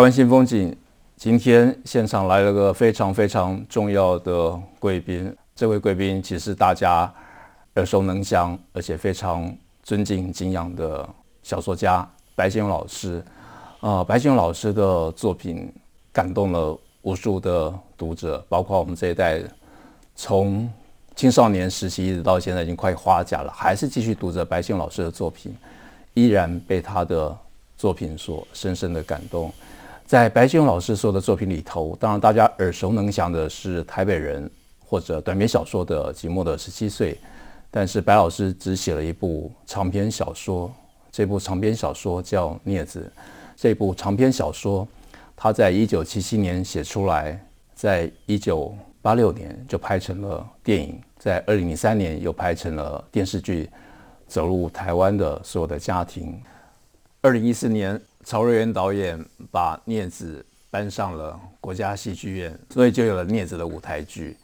台灣新風景，今天現場來了個非常非常重要的貴賓，這位貴賓其實大家耳熟能詳，而且非常尊敬敬仰的小說家白先勇老師。啊、呃，白先勇老師的作品感動了無數的讀者，包括我們這一代人，從青少年時期一直到現在已經快花甲了，還是繼續讀着白先勇老師的作品，依然被他的作品所深深的感動。在白先勇老師所有的作品裡頭，當然大家耳熟能詳的是台北人或者，短篇小說的《寂寞的十七歲》，但是白老師只寫了一部長篇小說，這部長篇小說叫《孽子》，這部長篇小說他在1977年寫出來，在1986年就拍成了電影，在2003年又拍成了電視劇《走入台灣的所有的家庭》，2014年，曹瑞源導演把《孽子》搬上了國家戲劇院，所以就有了《孽子》的舞台劇。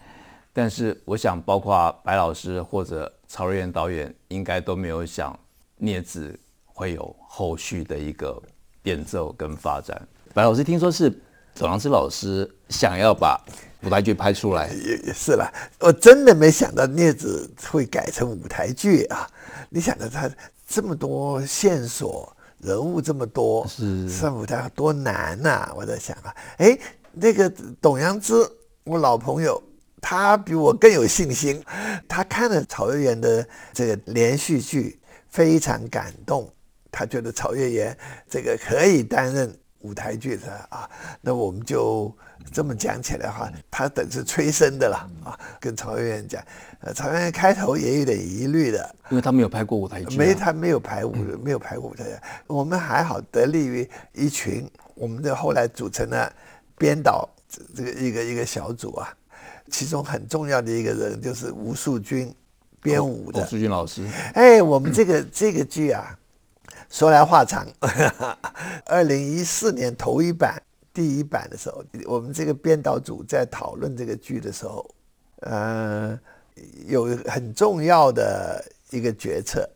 但是，我想，包括白老師或者曹瑞源導演，應該都沒有想《孽子》會有後續的一個變奏跟發展。白老師聽說是左航之老師想要把舞台劇拍出來，也是了。我真的沒想到《孽子》會改成舞台劇啊！你想到它這麼多線索。人物這麼多，上舞台多難吶、啊！我在想啊，哎，那個董陽孜，我老朋友，他比我更有信心。他看了曹瑞原的這個連續劇，非常感動，他覺得曹瑞原這個可以擔任。舞台劇的啊，那我們就這麼講起來哈，嗯、他等是催生的了啊。嗯、跟曹瑞原講，曹瑞原開頭也有點疑慮的，因為他沒有拍過舞台劇、啊。沒，他沒有排舞，嗯、沒有拍過舞台劇。我們還好，得力於一群，我們的後來組成了編導這個一個一個小組啊。其中很重要的一個人就是吳素君編舞的吳素君老師。哎、欸，我們這個、嗯、這個劇啊。說來話長，二零一四年頭一版第一版的時候，我們這個編導組在討論這個劇的時候，嗯、呃，有很重要的一個決策。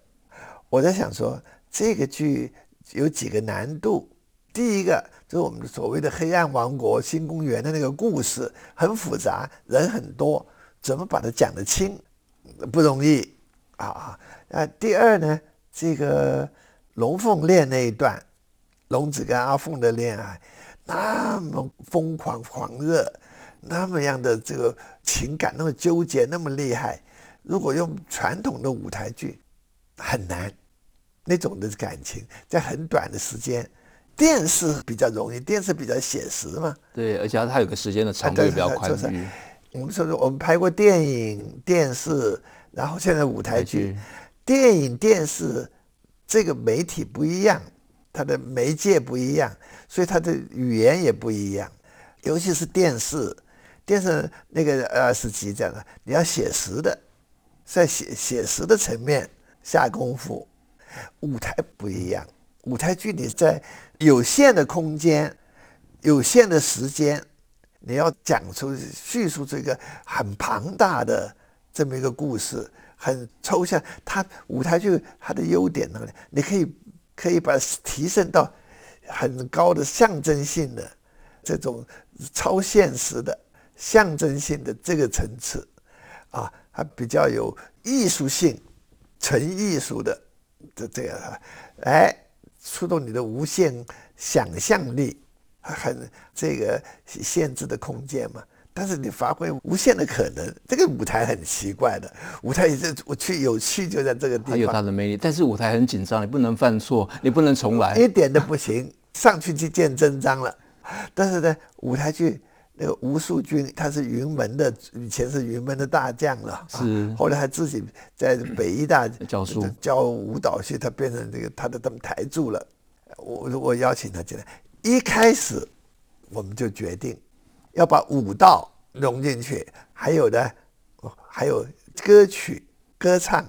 我在想說，這個劇有幾個難度。第一個就是我們所謂的黑暗王國、新公園的那個故事很複雜，人很多，怎麼把它講得清，不容易啊啊。那第二呢，這個。龍鳳戀那一段，龍子跟阿鳳的戀愛，那麼瘋狂狂熱，那麼樣的這個情感，那麼糾結，那麼厲害。如果用傳統的舞台劇，很難，那種的感情在很短的時間，電視比較容易，電視比較寫實嘛。對，而且它有個時間的長度也比較寬裕。我們說說，我們拍過電影、電視，然後現在舞台劇、劇電影、電視。這個媒體不一樣，它的媒介不一樣，所以它的語言也不一樣。尤其是電視，電視那個二十集講的，你要寫實的，在寫寫實的層面下功夫。舞台不一樣，舞台劇你在有限的空間、有限的時間，你要講出敘述這個很龐大的這麼一個故事。很抽象，它舞台劇它的優點呢，你可以可以把它提升到很高的象徵性的這種超現實的象徵性的這個層次，啊，它比較有藝術性，純藝術的，這這樣，哎，觸動你的無限想象力，很這個限制的空間嘛。但是你發揮無限的可能，這個舞台很奇怪的，舞台也是，我去有趣就在這個地方，它有它的魅力。但是舞台很緊張，你不能犯錯，你不能重來，一點都不行， 上去就見真章了。但是呢，舞台劇那個吳素君，他是雲門的，以前是雲門的大將了，是。後來他自己在北藝大教書，教舞蹈系，他變成這個他的他們台柱了。我我邀請他進來，一開始我們就決定，要把舞蹈融進去，還有的，還有歌曲歌唱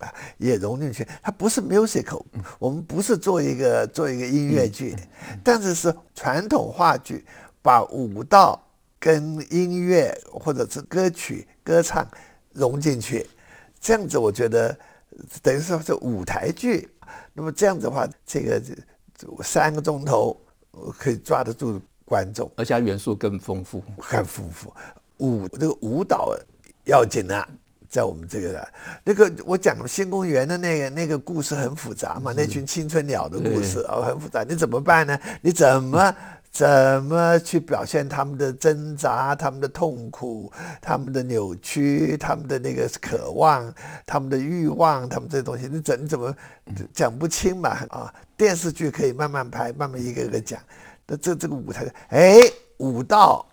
啊，也融進去。它不是 musical，我們不是做一個做一個音樂劇，但是是傳統話劇，把舞蹈跟音樂或者是歌曲歌唱融進去，這樣子我覺得等於說是舞台劇。那麼這樣子的話，這個三個鐘頭我可以抓得住。觀眾，而且元素更豐富，很豐富。舞這個舞蹈要緊啊，在我們這個那個我講新公園的那個那個故事很複雜嘛，是那群青春鳥的故事對哦，很複雜，你怎麼辦呢？你怎麼、嗯、怎麼去表現他們的掙扎、他們的痛苦、他們的扭曲、他們的那個渴望、他們的慾望、他們這些東西，你怎麼你怎麼講不清嘛？啊、哦，電視劇可以慢慢拍，慢慢一個一個講。那這這個舞台，哎，舞蹈，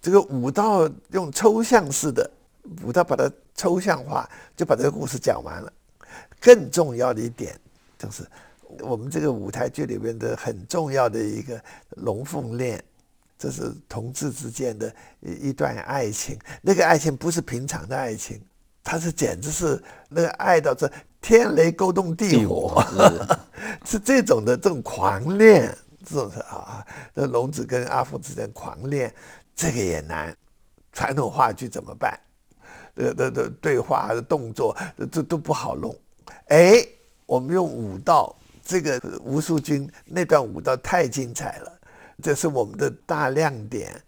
這個舞蹈用抽象式的舞蹈把它抽象化，就把這個故事講完了。更重要的一點，就是我們這個舞台劇裡邊的很重要的一個龍鳳戀，這是同志之間的一一段愛情。那個愛情不是平常的愛情，它是簡直是那個愛到這天雷勾動地火，是，是， 是這種的這種狂戀。這種啊，那龍子跟阿鳳之間狂戀，這個也難。傳統話劇怎麼辦？那那那對話的動作，這都，都不好弄。哎，我們用舞蹈，這個吳素君那段舞蹈太精彩了，這是我們的大亮點。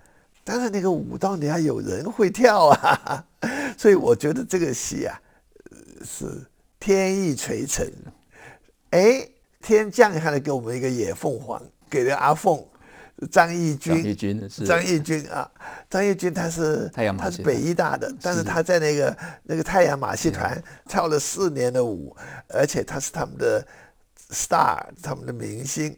但是那個舞蹈你要有人會跳啊，所以我覺得這個戲啊，是天意垂成。哎，天降下來給我們一個野鳳凰。給了阿鳳，張逸軍、張逸軍。是，張逸軍啊，張逸軍他是他是北藝大的，是但是他在那個那個太陽馬戲團是跳了四年的舞，而且他是他們的 star，他們的明星。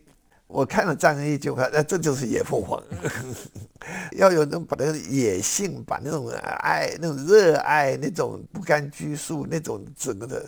我看了張逸軍就看，那，啊，這就是野鳳凰， 要有那種把那種野性，把那種愛、那種熱愛、那種不甘拘束、那種整個的。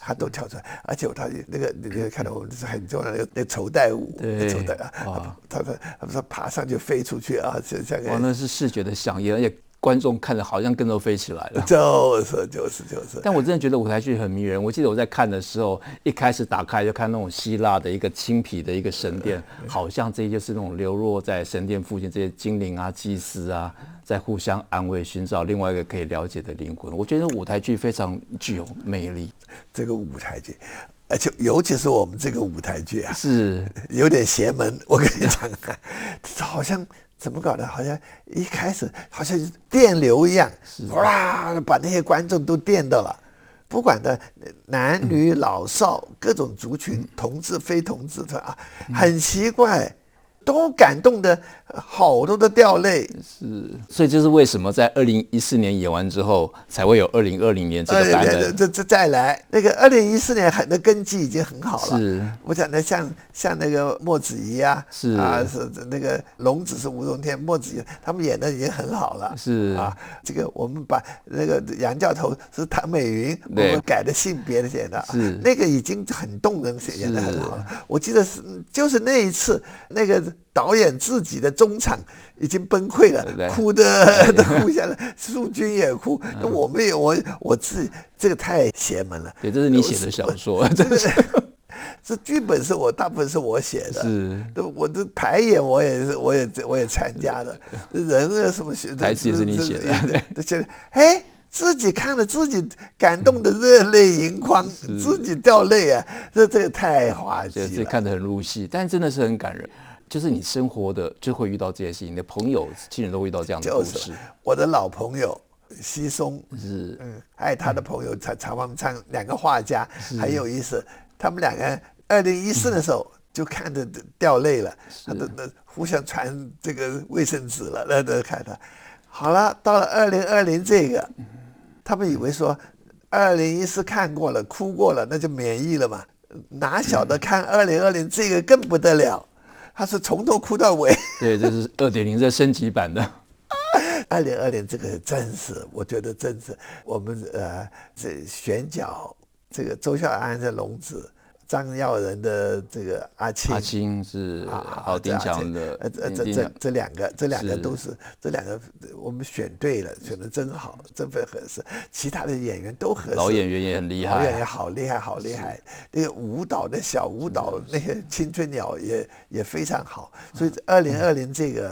他都跳出來，而且他那個，你看到我們是很重要的那綢帶舞，綢帶啊，他說他說爬上去飛出去啊，像像完那是視覺的響應，而且觀眾看着好像跟着飛起來了。就是就是就是。就是就是、但我真的覺得舞台劇很迷人。我記得我在看的時候，一開始打開就看那種希臘的一個青皮的一個神殿，好像這些是那種流落在神殿附近這些精靈啊、祭司啊。在互相安慰，尋找另外一個可以了解的靈魂。我覺得舞台劇非常具有魅力，嗯、這個舞台劇，而且尤其是我們這個舞台劇啊，是有點邪門。我跟你講，啊，是好像怎麼搞的？好像一開始好像電流一樣，啊、哇，把那些觀眾都電到了。不管的男女老少，嗯、各種族群，嗯、同志非同志的啊，很奇怪。都感動的好多的掉淚，是，所以就是為什麼在二零一四年演完之後，才會有二零二零年這個版本，呃，這這，這再來那個二零一四年很的根基已經很好了。是，我講的像像那個莫子儀啊，是啊，是啊是那個龍子是吳中天，莫子儀他們演的已經很好了，是啊。這個我們把那個楊教頭是唐美雲，對我們改的性別的演的，是那個已經很動人寫是，寫的很好了。我記得是就是那一次那個。導演自己的中場已經崩潰了，哭得都哭下來，淑君也哭，那我們也我我自己，這個太邪門了。對，這是你寫的小說，真的是。這劇本是我大部分是我寫的，是都我的排演我也是，我也我也參加的。人啊什麼寫的台詞也是你寫的，對。哎，自己看了自己感動的熱淚盈眶，自己掉淚啊！這這個太滑稽了，這看得很入戲，但真的是很感人。就是你生活的就會遇到這些事情，你的朋友、親人都會遇到這樣的故事。就是我的老朋友奚淞是，嗯，愛他的朋友，常常們唱兩個畫家是很有意思。他們兩個二零一四的時候就看着掉淚了，是他都那互相傳這個衛生紙了，那、呃、都看他。好了，到了二零二零這個，他們以為說二零一四看過了、哭過了，那就免疫了嘛？哪曉得看二零二零這個更不得了。他是從頭哭到尾。 對，這是二點零的升級版的。二零二零這個真是，我覺得真是我們呃這選角，這個周孝安這龍子。張耀仁的這個阿青、啊，阿青是老丁講的，這這這這兩個，這兩個都是，是這兩個我們選對了，是 選的真好，真非常合適。其他的演員都合適，老演員也很厲害，老演員好厲害，好厲害。那個舞蹈，的小舞蹈，是是那些青春鳥也也非常好。所以二零二零這個，是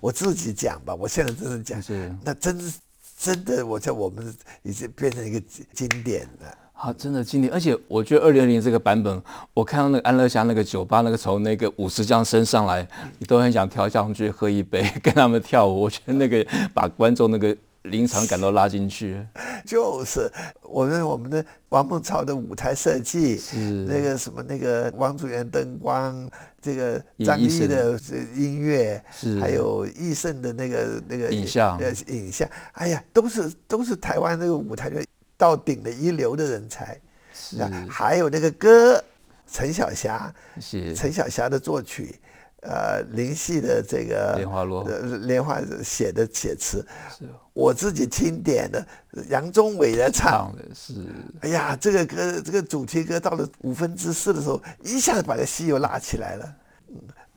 我自己講吧，我現在真的講，是 那真真的，我覺得我們已經變成一個經典了好、啊，真的經典，而且我覺得二零二零這個版本，我看到那個安樂鄉那個酒吧那個從那個舞池這樣升上來，你都很想跳一下，我們去喝一杯，跟他們跳舞。我覺得那個把觀眾那個臨場感都拉進去，就是。我們我們的王孟超的舞台設計，是那個什麼那個王祖源燈光，這個張藝興的音樂，是還有奕盛的那個那個影、影像影像。哎呀，都是都是台灣那個舞台的。到頂的一流的人才，是、啊，還有那個歌，陳小霞，陳是小霞的作曲，呃，林夕的這個蓮花落，蓮、呃、花寫的寫詞，是我自己欽點的，楊宗緯的唱，的是，哎呀，這個歌，這個主題歌到了五分之四的時候，一下子把這戲又拉起來了。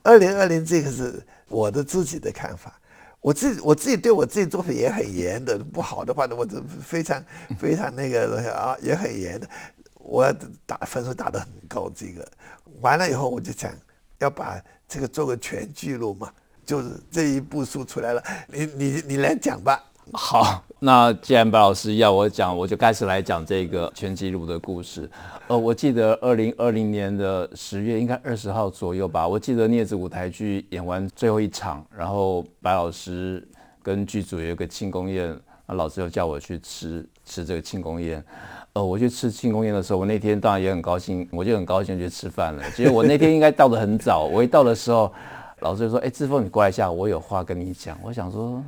二零二零，這個是我的自己的看法。我自己我自己對我自己作品也很嚴的，不好的話，我就非常非常那個東西啊，也很嚴的，我打分數打的很高。這個完了以後，我就想要把這個做個全記錄嘛，就是這一部書出來了，你你你來講吧。好，那既然白老師要我講，我就開始來講這個全紀錄的故事。呃，我記得二零二零年的十月，應該二十號左右吧。我記得孽子舞台劇演完最後一場，然後白老師跟劇組有一個慶功宴，那老師又叫我去吃吃這個慶功宴。呃，我去吃慶功宴的時候，我那天當然也很高興，我就很高興去吃飯了。其實我那天應該到得很早， 我一到的時候。老師就說：“哎，志峰，你過來一下，我有話跟你講。”我想說，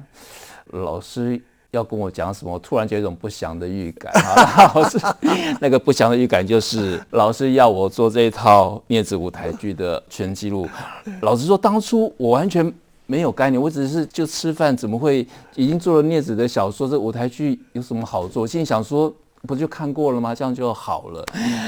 老師要跟我講什麼？我突然就有一種不祥的預感。 那個不祥的預感就是，老師要我做這一套孽子舞台劇的全記錄。老師說，當初我完全沒有概念，我只是就吃飯，怎麼會已經做了孽子的小說？這舞台劇有什麼好做？我現在想說。不就看過了嗎？這樣就好了。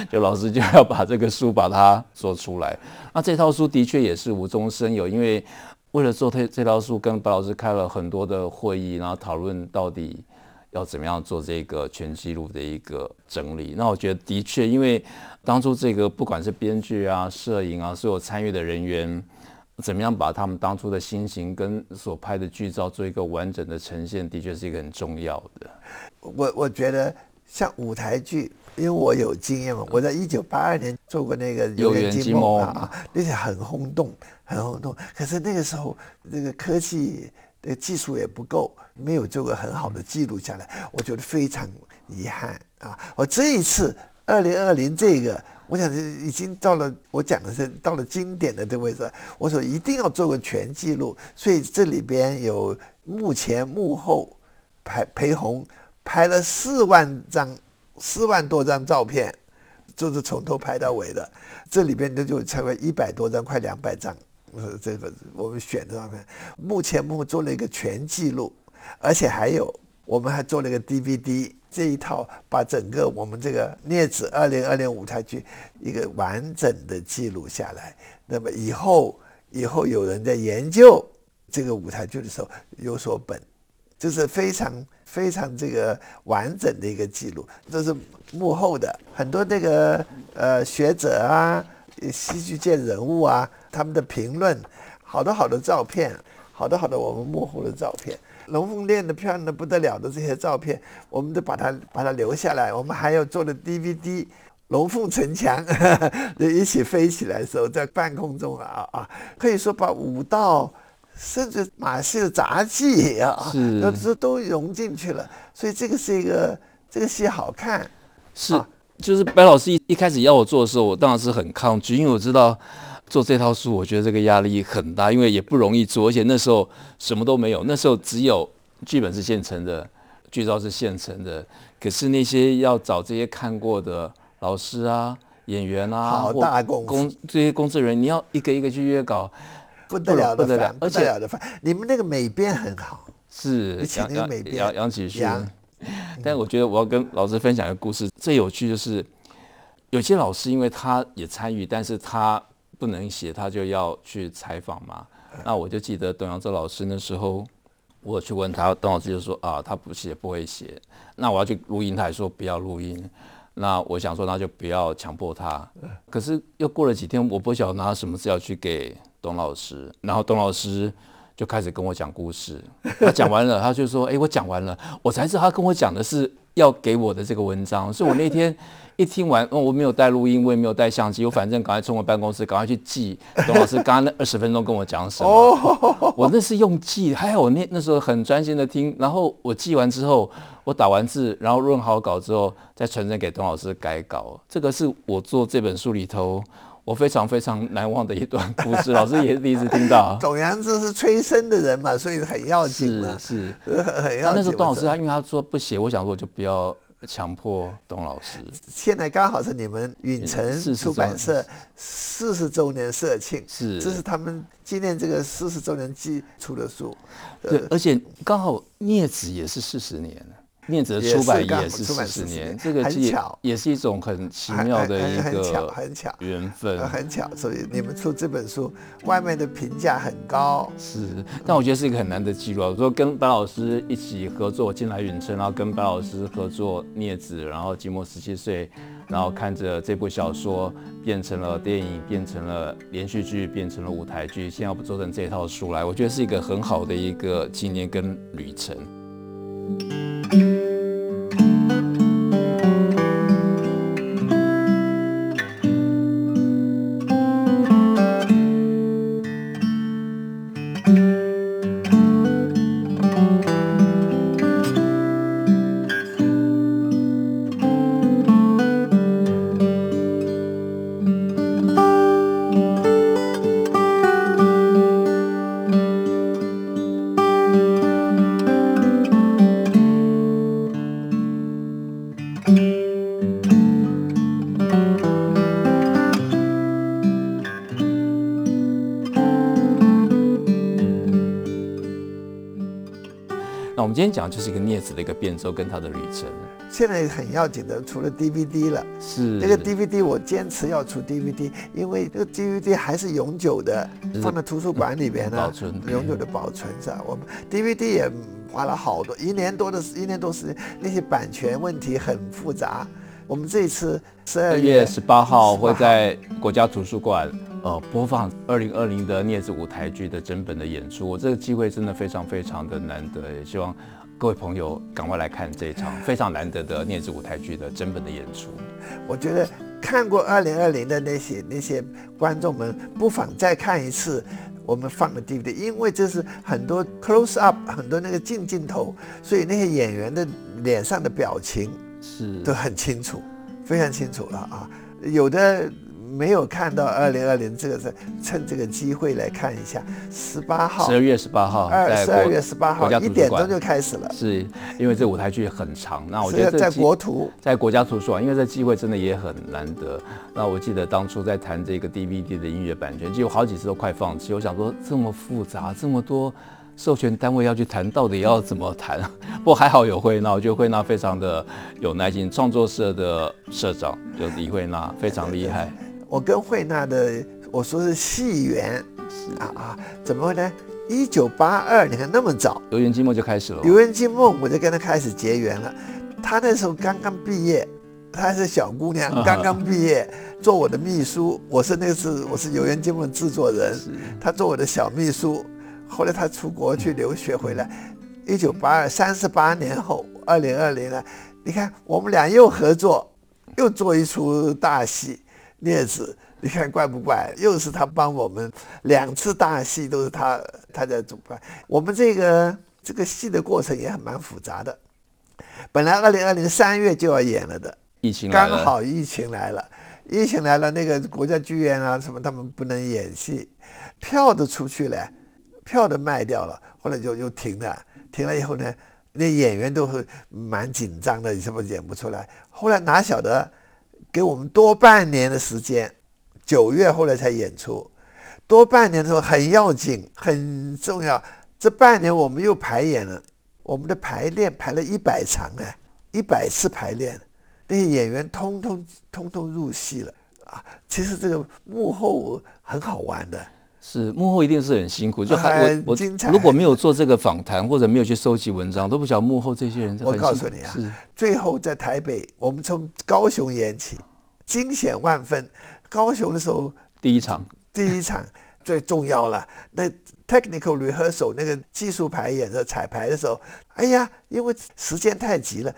就老師就要把這個書把它做出來。那這套書的確也是無中生有，因為為了做這這套書，跟白老師開了很多的會議，然後討論到底要怎麼樣做這個全紀錄的一個整理。那我覺得的確，因為當初這個不管是編劇啊、攝影啊，所有參與的人員，怎麼樣把他們當初的心情跟所拍的劇照做一個完整的呈現，的確是一個很重要的。我我覺得。像舞台劇，因為我有經驗嘛，我在一九八二年做過那個《遊園驚夢》夢啊，那是很轟動，很轟動。可是那個時候，那、這個科技的技術也不夠，沒有做個很好的記錄下來，我覺得非常遺憾啊。我這一次二零二零這個，我想是已經到了我講的是到了經典的這個位置，我說一定要做個全記錄，所以這裡邊有幕前幕後，排裴紅。拍了四萬張，四萬多張照片，就是從頭拍到尾的。這裡邊那就成為一百多張，快兩百張。這個我們選的照片，目前我們做了一個全紀錄，而且還有我們還做了一個 DVD 這一套，把整個我們這個《孽子二零二零舞台劇》一個完整的記錄下來。那麼以後以後有人在研究這個舞台劇的時候有所本，就是非常。非常這個完整的一個記錄，這是幕後的很多那個呃學者啊、戲劇界人物啊他們的評論，好多好多照片，好多好多我們幕後的照片，《龍鳳戀》的漂亮的不得了的這些照片，我們都把它把它留下來，我們還有做的 DVD，《龍鳳呈祥》哈， 就一起飛起來的時候在半空中啊啊，可以說把武道。甚至馬戲的雜技也要，都是都融進去了，所以這個是一個這個戲好看。是，啊、就是白老師一一開始要我做的時候，我當然是很抗拒，因為我知道做這套書，我覺得這個壓力很大，因為也不容易做，而且那時候什麼都沒有，那時候只有劇本是現成的，劇照是現成的，可是那些要找這些看過的老師啊、演員啊，好大工，這些工作人員你要一個一個去約稿。不得了的不了。而且了的你們那個美編很好，是楊楊楊啟軒。楊但我覺得我要跟老師分享一個故事，嗯、最有趣就是有些老師，因為他也參與，但是他不能寫，他就要去採訪嘛。嗯、那我就記得董陽周老師那時候，我去問他，董老師就說啊，他不寫不會寫。那我要去錄音台說不要錄音。那我想說那就不要強迫他。嗯、可是又過了幾天，我不曉得拿什麼資料去給。董老師，然後董老師就開始跟我講故事。他講完了，他就說：“哎、欸，我講完了。”我才知道他跟我講的是要給我的這個文章。所以我那天一聽完，哦，我沒有帶錄音，我也沒有帶相機，我反正趕快衝回辦公室，趕快去記董老師剛剛那二十分鐘跟我講什麼。我那是用記，還好我那那時候很專心的聽。然後我記完之後，我打完字，然後潤好稿之後，再傳真給董老師改稿。這個是我做這本書裡頭。我非常非常難忘的一段故事，老師也第一次聽到。董陽孜是催生的人嘛，所以很要緊嘛。是是呵呵，很要緊。那時候董老師，他說因為他說不寫，我想說就不要強迫董老師。現在剛好是你們允晨出版社四十週年社慶，是這是他們紀念這個四十週年記出的書。對，呃、而且剛好孽子也是四十年。孽子出版也是十年，年這個巧，也是一種很奇妙的一個緣分，很很很，很巧。所以你們出這本書，外面的評價很高。是，但我覺得是一個很難的記錄啊。我說跟白老師一起合作《進來遠程，然後跟白老師合作《孽子》，然後寂寞十七歲，然後看着這部小說變成了電影，變成了連續劇，變成了舞台劇，現在不做成這一套書來，我覺得是一個很好的一個紀念跟旅程。今天講的就是一個孽子的一個變奏跟它的旅程。現在很要緊的，除了 DVD 了，是那個 DVD，我堅持要出 DVD，因為這個 DVD 還是永久的，的放在圖書館裡邊的、嗯，保存永久的保存是吧？我們 DVD 也花了好多一年多的，一年多時間，那些版權問題很複雜。我們這一次十二月十八號會在國家圖書館。呃，播放二零二零的《孽子》舞台劇的整本的演出，我這個機會真的非常非常的難得，也希望各位朋友趕快來看這一場非常難得的《孽子》舞台劇的整本的演出。我覺得看過二零二零的那些那些觀眾們，不妨再看一次我們放的 DVD，因為這是很多 close up，很多那個近鏡頭，所以那些演員的臉上的表情是都很清楚，是非常清楚了啊，有的。沒有看到二零二零，這個是趁這個機會來看一下。十八號，十二月十八號，二十二月十八號國一點鐘就開始了。是，因為這舞台劇很長，嗯、那我覺得在國圖，在國家圖書館，因為這機會真的也很難得。那我記得當初在談這個 DVD 的音樂版權，其實我好幾次都快放棄，我想說這麼複雜，這麼多授權單位要去談，到底要怎麼談？嗯、不過還好有慧娜，我覺得慧娜非常的有耐心，創作社的社長就李慧娜，非常厲害。我跟惠娜的，我說是戲緣，是啊啊，怎麼會呢？一九八二，你看那麼早，遊園驚夢就開始了哦。遊園驚夢，我就跟她開始結緣了。她那時候剛剛畢業，她是小姑娘，剛剛畢業， 做我的秘書。我是那次我是遊園驚夢制作人，她是做我的小秘書。後來她出國去留學回來，一九八二，三十八年後，二零二零了。你看我們倆又合作，又做一出大戲。孽子，你看怪不怪？又是他幫我們，兩次大戲都是他他在主辦。我們這個這個戲的過程也還蠻複雜的。本來二零二零三月就要演了的，疫情來了剛好疫情來了，疫情來了，那個國家劇院啊什麼他們不能演戲，票都出去了，票都賣掉了，後來就又停了。停了以後呢，那演員都很蠻緊張的，什麼演不出來。後來哪曉得？給我們多半年的時間，九月後來才演出，多半年的時候，很要緊很重要。這半年我們又排演了，我們的排練排了一百場哎，一百次排練，那些演員通通通通入戲了啊！其實這個幕後很好玩的，是幕後一定是很辛苦。就還我我經常如果沒有做這個訪談或者沒有去收集文章，都不曉得幕後這些人。我告訴你啊，是最後在台北，我們從高雄演起。驚險萬分，高雄的時候第一場，第一場最重要了。那 technical rehearsal 那個技術排演、彩排的時候，哎呀，因為時間太急了，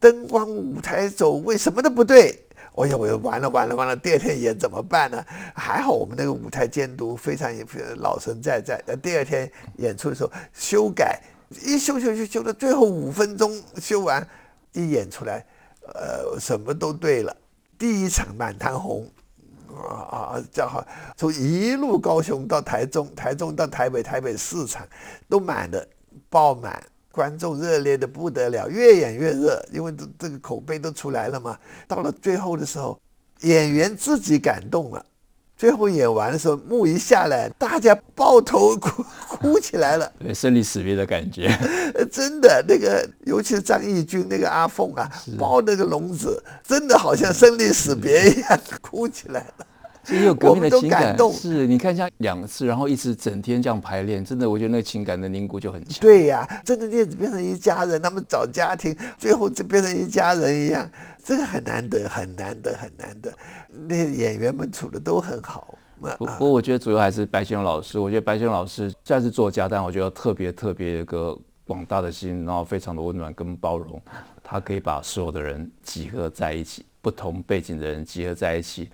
燈光、舞台走位什麼都不對。哎呀，我、哎、完了完了完了，第二天演怎麼辦呢？還好我們那個舞台監督非常老神在在。那第二天演出的時候修改，一修修修修，修到最後五分鐘修完，一演出來，呃，什麼都對了。第一場滿堂紅，啊啊啊！叫好，從一路高雄到台中，台中到台北，台北四場都滿的，爆滿，觀眾熱烈的不得了，越演越熱，因為這這個口碑都出來了嘛。到了最後的時候，演員自己感動了。最後演完的時候，幕一下來，大家抱頭哭哭起來了，啊、對生離死別的感覺， 真的那個，尤其是張義軍那個阿鳳啊，抱是那個籠子，真的好像生離死別一樣，是哭起來了。也有革命的情感，是，你看一下兩次，然後一直整天這樣排練，真的，我覺得那個情感的凝固就很強。對呀、啊，真的，變變成一家人，他們找家庭，最後就變成一家人一樣，這個很難得，很難得，很難得。那些演員們處的都很好。嗯、不過我覺得主要還是白先勇老師，我覺得白先勇老師雖然是作家，但我覺得特別特別一個廣大的心，然後非常的溫暖跟包容，他可以把所有的人集合在一起，不同背景的人集合在一起。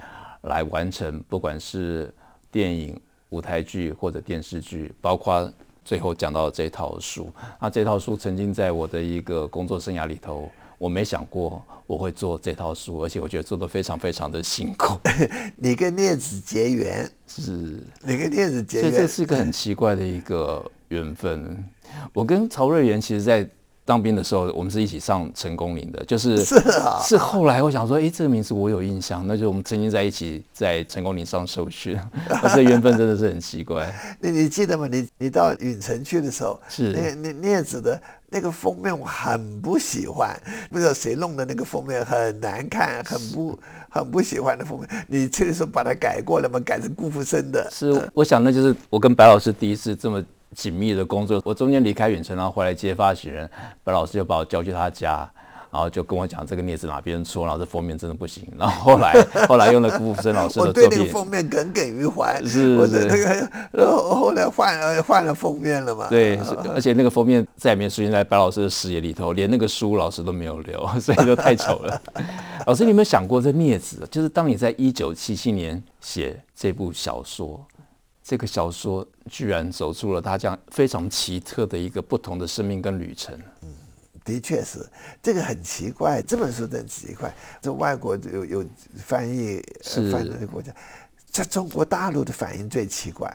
來完成，不管是電影、舞台劇或者電視劇，包括最後講到這套書。那、啊、這套書曾經在我的一個工作生涯裡頭，我沒想過我會做這套書，而且我覺得做得非常非常的辛苦。你跟孽子結緣是，你跟孽子結緣，是結緣，所以這是一個很奇怪的一個緣分。 我跟曹瑞原其實，在。當兵的時候，我們是一起上成功嶺的，就是是啊、哦，是後來我想說，哎，這個名字我有印象，那就是我們曾經在一起在成功嶺上受訓，這個、緣分真的是很奇怪。 你你記得嗎？你你到允晨去的時候，是，那你你孽子的那個封面，我很不喜歡，不知道誰弄的那個封面很難看，很不是很不喜歡的封面。你去的時候把它改過了嘛，改成顧福生的。是，我想那就是我跟白老師第一次這麼。緊密的工作，我中間離開遠程，然後回來接發行人，白老師就把我叫去他家，然後就跟我講這個孽子哪邊錯，然後這封面真的不行，然後後來後來用了顧福生老師的作品。 我對那個封面耿耿於懷。是是，是。然後後來換了換了封面了嘛？對， 而且那個封面再也沒出現在白老師的視野裡頭，連那個書老師都沒有留，所以就太醜了。 老師，你有沒有想過這孽子？就是當你在一九七七年寫這部小說。這個小說居然走出了他這樣非常奇特的一個不同的生命跟旅程。嗯、的確是，這個很奇怪，這本書真很奇怪。這外國有有翻譯、呃、是翻譯的國家，在中國大陸的反應最奇怪，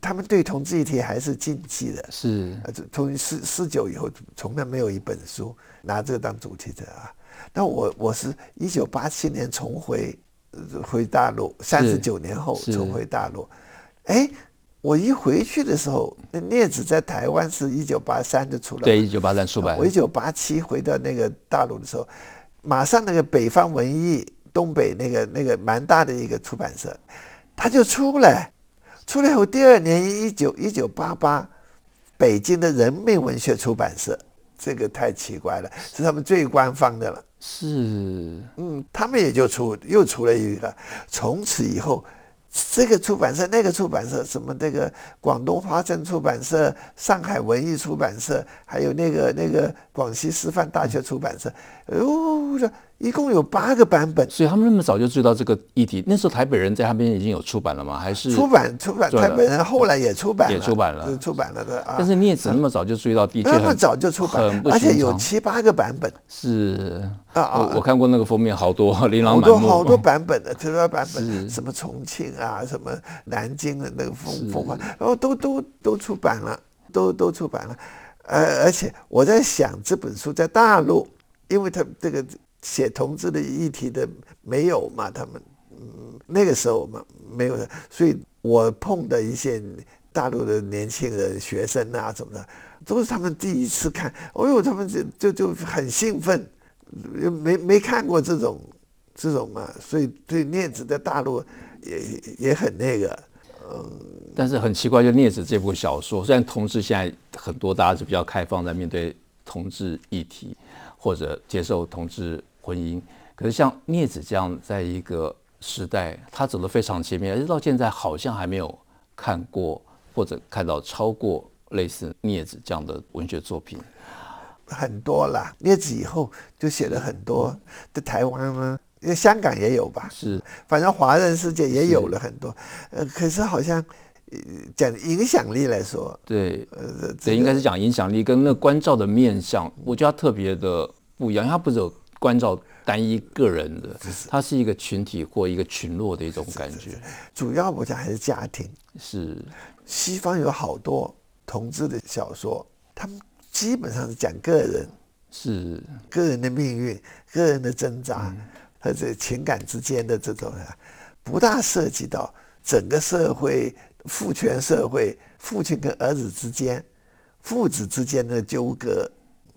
他們對同志議題還是禁忌的。是，啊、從四四九以後，從來沒有一本書拿這個當主題的啊。那我我是一九八七年重回回大陸，三十九年後重回大陸。哎，我一回去的時候，那孽子在台灣是一九八三就出了，對，一九八三出版。對我一九八七回到那個大陸的時候，馬上那個北方文藝，東北那個那個蠻大的一個出版社，他就出來。出來後第二年一九一九八八，北京的人民文學出版社，這個太奇怪了，是他們最官方的了。是，嗯，他們也就出又出來一個，從此以後。這個出版社，那個出版社，什麼這個廣東花城出版社、上海文藝出版社，還有那個那個廣西師範大學出版社，哎呦，這。一共有八個版本，所以他們那麼早就注意到這個議題。那時候台北人在他邊已經有出版了嗎？還是出版出版？台北人後來也出版，也出版了，出版了的。但是你也那麼早就注意到，的確很他們早就出版，而且有七八個版本。是啊啊！我看過那個封面，好多，琳琅滿目，有好多版本的，特別版本，什麼重慶啊，什麼南京的那個風風，然後都都都出版了，都都出版了。而而且我在想，這本書在大陸，因為它這個。寫同志的議題的沒有嘛？他們、嗯、那個時候嘛沒有的，所以我碰的一些大陸的年輕人、學生啊什麼的，都是他們第一次看，哦、哎、呦，他們就就就很興奮，沒沒看過這種這種嘛。所以對孽子的大陸也也很那個，嗯。但是很奇怪，就孽子這部小說，雖然同志現在很多大家是比較開放在面對同志議題，或者接受同志婚姻，可是像孽子這樣，在一個時代，他走得非常前面，而且到現在好像還沒有看過或者看到超過類似孽子這樣的文學作品，很多啦。孽子以後就寫了很多、嗯、在台灣嗎、啊。因為香港也有吧？是，反正華人世界也有了很多。是呃，可是好像講影響力來說，對，呃，這個、應該是講影響力，跟那觀照的面向，我覺得特別的不一樣，他不是。關照單一個人的，它是一個群體或一個群落的一種感覺是是是是。主要我講還是家庭。是。西方有好多同志的小說，他們基本上是講個人，是個人的命運、個人的掙扎，嗯、和這情感之間的這種，不大涉及到整個社會父權社會，父親跟兒子之間、父子之間的糾葛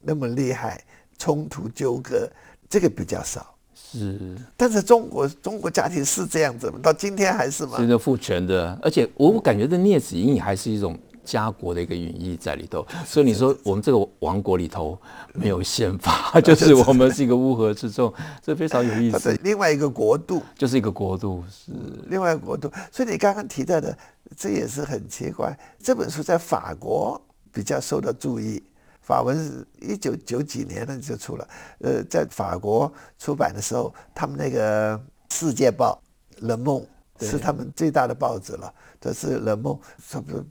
那麼厲害。衝突糾葛，這個比較少，是。但是中國中國家庭是這樣子嗎？到今天還是嗎？是的父權的，而且我感覺這孽子隱隱還是一種家國的一個寓意在裡頭。的所以你說我們這個王國裡頭沒有憲法，是的就是我們是一個烏合之眾，的這非常有意思。是另外一個國度，就是一個國度，是，是另外一個國度。所以你剛剛提到的，這也是很奇怪。這本書在法國比較受到注意。法文是一九九幾年的就出了，呃，在法國出版的時候，他們那個《世界報》Le Monde 是他們最大的報紙了，這是 Le Monde 什麼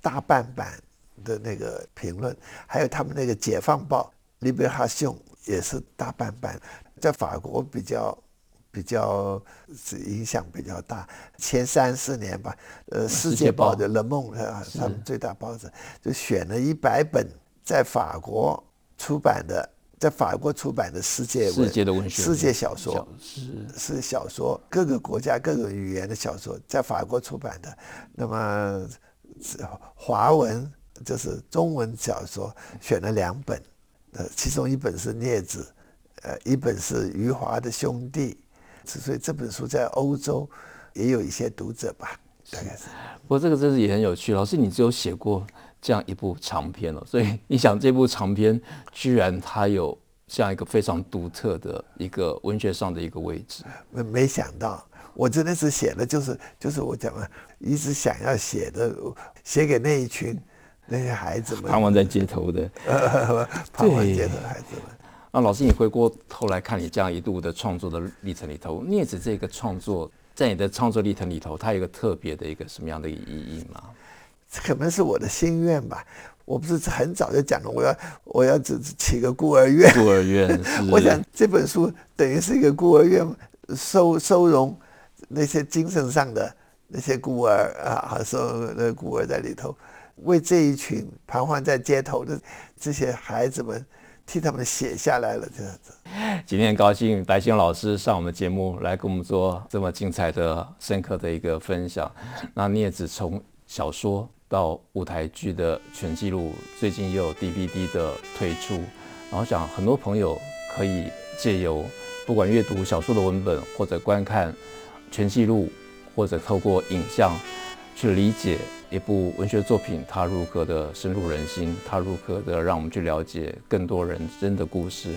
大半版的那個評論，還有他們那個《解放報》Libération 也是大半版，在法國比較比較是影響比較大，前三四年吧，呃，《世界報》的 Le Monde 是他們最大報紙是 就選了一百本。在法國出版的，在法國出版的世界文學世界的小說是小說，各個國家各個語言的小說，在法國出版的。那麼，華文就是中文小說選了兩本，呃，其中一本是《孽子》，呃，一本是余華的《兄弟》。所以這本書在歐洲也有一些讀者吧，大概是。不過這個真是也很有趣，老師，你只有寫過。這樣一部長篇了，哦，所以你想這部長篇居然它有這樣一個非常獨特的一個文學上的一個位置沒，沒沒想到，我真的是寫的就是就是我講的，一直想要寫的，寫給那一群那些孩子們，盼望在街頭的，對， 街頭的孩子們。那老師，你回過頭來看你這樣一度的創作的歷程裡頭，孽子這個創作在你的創作歷程裡頭，它有個特別的一個什麼樣的意義嗎？可能是我的心願吧，我不是很早就講了我？我要我要只起個孤兒院，孤兒院， 我想這本書等於是一個孤兒院收，收收容那些精神上的那些孤兒啊，和收那個孤兒在裡頭，為這一群彷徨在街頭的這些孩子們，替他們寫下來了這樣子。今天很高興白先勇老師上我們節目來跟我們做這麼精彩的、深刻的一個分享。那孽子從小說。到舞台劇的全記錄，最近也有 DVD 的推出，然後想很多朋友可以借由不管閱讀小說的文本，或者觀看全記錄，或者透過影像去理解一部文學作品，它如何的深入人心，它如何的讓我們去了解更多人真的故事，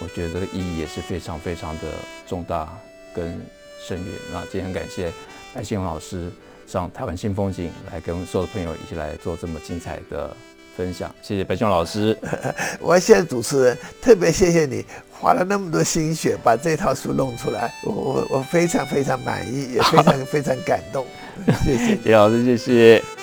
我覺得意義也是非常非常的重大跟深遠。那今天感謝白先勇老師。上台灣新風景，來跟所有的朋友一起來做這麼精彩的分享。謝謝白先勇老師， 我謝謝主持人，特別謝謝你花了那麼多心血把這套書弄出來，我我我非常非常滿意，也非常非常感動，謝謝，啊、謝，謝老師，謝謝。